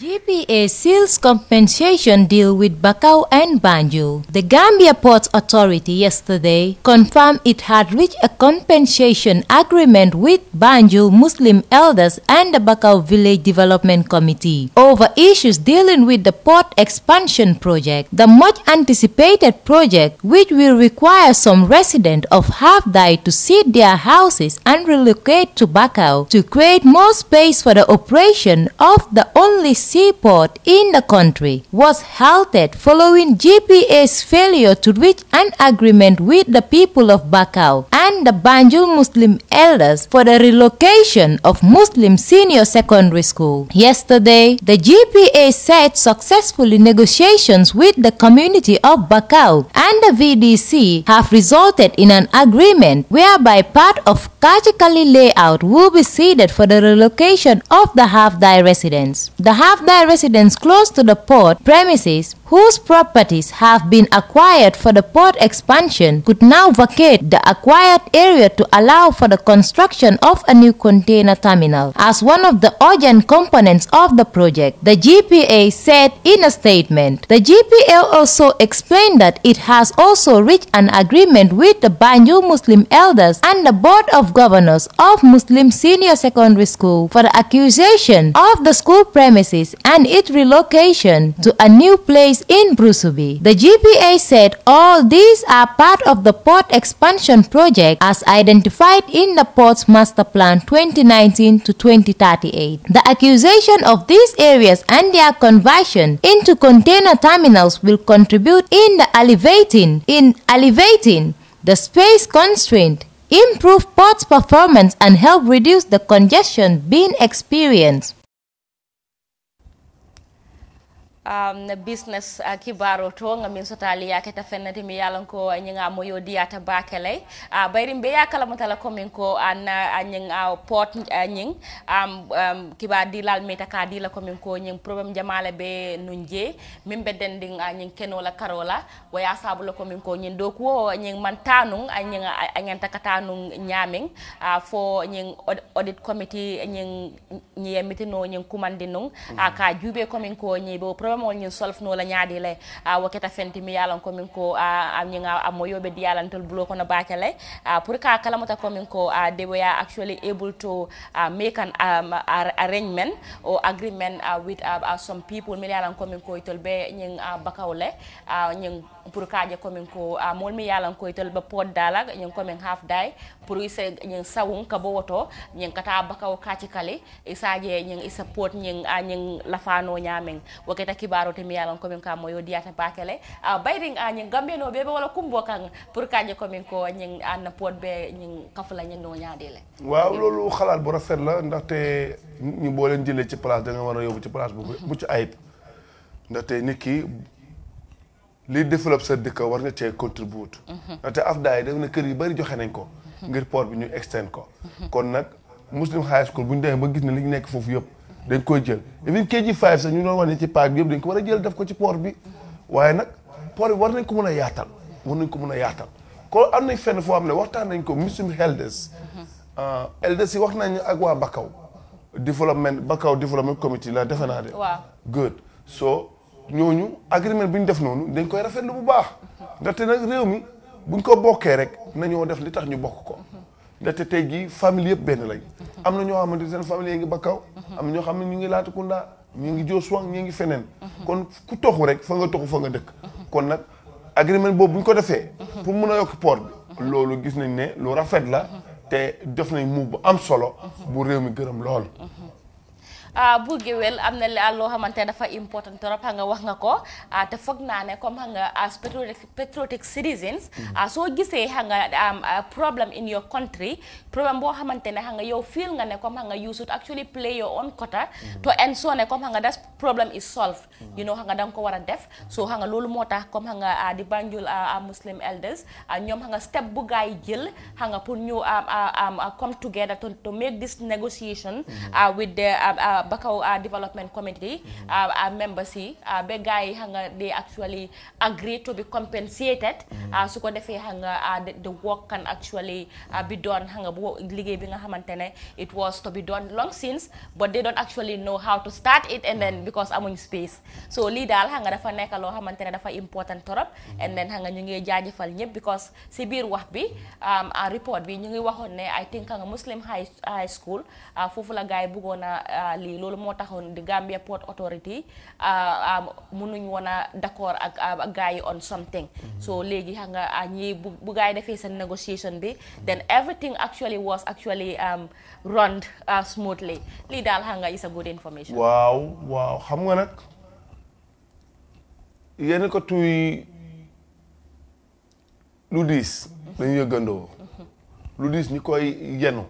GPA seals compensation deal with Bakau and Banjul. The Gambia Ports Authority yesterday confirmed it had reached a compensation agreement with Banjul Muslim elders and the Bakau Village Development Committee over issues dealing with the port expansion project. The much anticipated project, which will require some residents of Halfdai to seed their houses and relocate to Bakau to create more space for the operation of the only seaport in the country was halted following GPA's failure to reach an agreement with the people of Bakau and the Banjul Muslim elders for the relocation of Muslim senior secondary school. Yesterday, the GPA said successfully negotiations with the community of Bakau and the VDC have resulted in an agreement whereby part of Kachikali layout will be ceded for the relocation of the half-die residents. The half have their residents close to the port premises whose properties have been acquired for the port expansion could now vacate the acquired area to allow for the construction of a new container terminal. As one of the urgent components of the project, the GPA said in a statement. The GPA also explained that it has also reached an agreement with the Banjul Muslim elders and the Board of Governors of Muslim Senior Secondary School for the acquisition of the school premises and its relocation to a new place in Brusubi. The GPA said all these are part of the port expansion project as identified in the Ports Master Plan 2019 to 2038. The accusation of these areas and their conversion into container terminals will contribute in the in the space constraint improve ports performance and help reduce the congestion being experienced. um, business uh, kibaro to nga min sotali yake ta fennati mi yalan ko nyinga mo yo diata bakele uh, bayri be yakala mutala ko min ko an uh, nyin uh, port uh, nyin um, um, kiba dilal dila ko min ko nyin problem jamale be nunje min be dending uh, nyin kenola karola waya ko min ko nyin do ko nyin man tanung uh, nyin uh, nyin uh, uh, takatanung nyamin uh, fo nyin audit committee nyin nyemiti no nyin kumandinung mm -hmm. uh, ka jube ko min ko nyi bo domol ñin solfnola ñaadi lay a woketa fentimi yalan komin ko a ñinga ammo yoɓe diyalantel bulo kono baake lay a pour ka kalamata komin ko a deɓoya actually able to uh, make an arrangement or agreement uh, with uh, some people mi yalan komin ko itol ɓe ñin uh, bakaw lay uh, ñin pour kaje komin ko a ah, molmi yalan koy itel ba poddala nyen komin half day pour ise nyen sawun ka bo woto nyen kata bakaw ci kale isaje nyen isa pot nyen a nyen lafano nyamen ta kibaro te mi yalan komin ka moyo diata bakele a ah, bayding a ah, nyen gambeno bebe wala kumbo kan pour kaje komin ko nyen an pot be nyen kafla nyen no le waaw lolu xalaat bu rafet la ndaxte ñu bo leen jëlé ci place da nga wara yobu ci place bu bu ci ayib ndaxte nit ki liy développe sa dëkk war nga cee contribuer. Mhm. ndaxte AFDA yi def na kër yi bari joxe nañ ko. Mhm. ngir port bi ñu extend ko. Mhm. kon nag muslim high school bu ñu demee ba gis ne li ñu nekk foofu yëpp dañ ko jël even KG5 sax ñu doon wax ne ci paak bi yëpp dañ ko war a jël def ko ci port bi waaye nag port bi war nañ ko mun a yaatal war nañ ko mën a yaatal kon am nañ fenn foo xam ne waxtaan nañ ko muslim elders ah, elders yi wax nañ ak waa Bakaw développement Bakaw développement committee la defe naa de. waaw good so. ñu agrément bi ñu def noonu dañ koy rafet lu bu baax ndaxte nag réew mi buñ ko bokkee rek nañoo def li tax ñu bokk ko ndaxte tey jii famille yëpp benn lañ am na ñoo xamante ne seen famille yi ngi Bakkaw am na ñoo xam ne ñu ngi Latrikunda ñu ngi Diosuwang ñu ngi feneen kon ku toxu rek fa nga toxu fa nga dëkk kon nag agrément boobu bu ñu ko defee pour mun a yokk port bi loolu gis nañ ne lu rafet la te def nañ move bu am solo bu réew mi gërëm lool Ah, bu géwél am na loo xamante ne dafa important trop xam nga wax nga ko ah, te foog naa ne comme xam nga as patriotic citizens mhm. ah, soo gisee xam nga problem in your country problème boo xamante ne xam nga yow fiil nga ne comme xam nga you should actually play your own quota mhm. to end ne comme xam nga that problem is solved mhm. you know xam nga ko war a def so xam loolu moo tax comme xam nga di Banjul Muslim elders ñoom xam nga step bu gaa jël xam nga pour ñu come together to make this negotiation with the Bakau uh, ah, Development Committee uh, mhm. ah, uh, ah, membership uh, be guy hanga they actually agree to be compensated mm. uh, su ko defee hanga the, work can actually uh, done hanga bu liggéey bi nga xamante ne it was to be done long since but they don't actually know how to start it and then mhm. because amuñ space so lii daal hanga dafa nekk loo xamante ne dafa important torop mhm. and then hanga ñu ngi jaajëfal ñëpp because si biir wax bi um, a uh, report bi ñu ngi waxoon ne I think hanga Muslim high, school uh, a yi loolu moo taxoon di Gambia Port Authority ah, ah, mënuñ woon a d'accord ak ah, gars yi on something mhm. so léegi xam nga ñii bu bu yi defee seen négociation bi then everything actually was actually um, run smoothly lii daal xam nga is a good information waaw waaw xam nga nag yenn ko lu diis dañu mhm. yëggandoo mhm. lu diis ñi koy yenu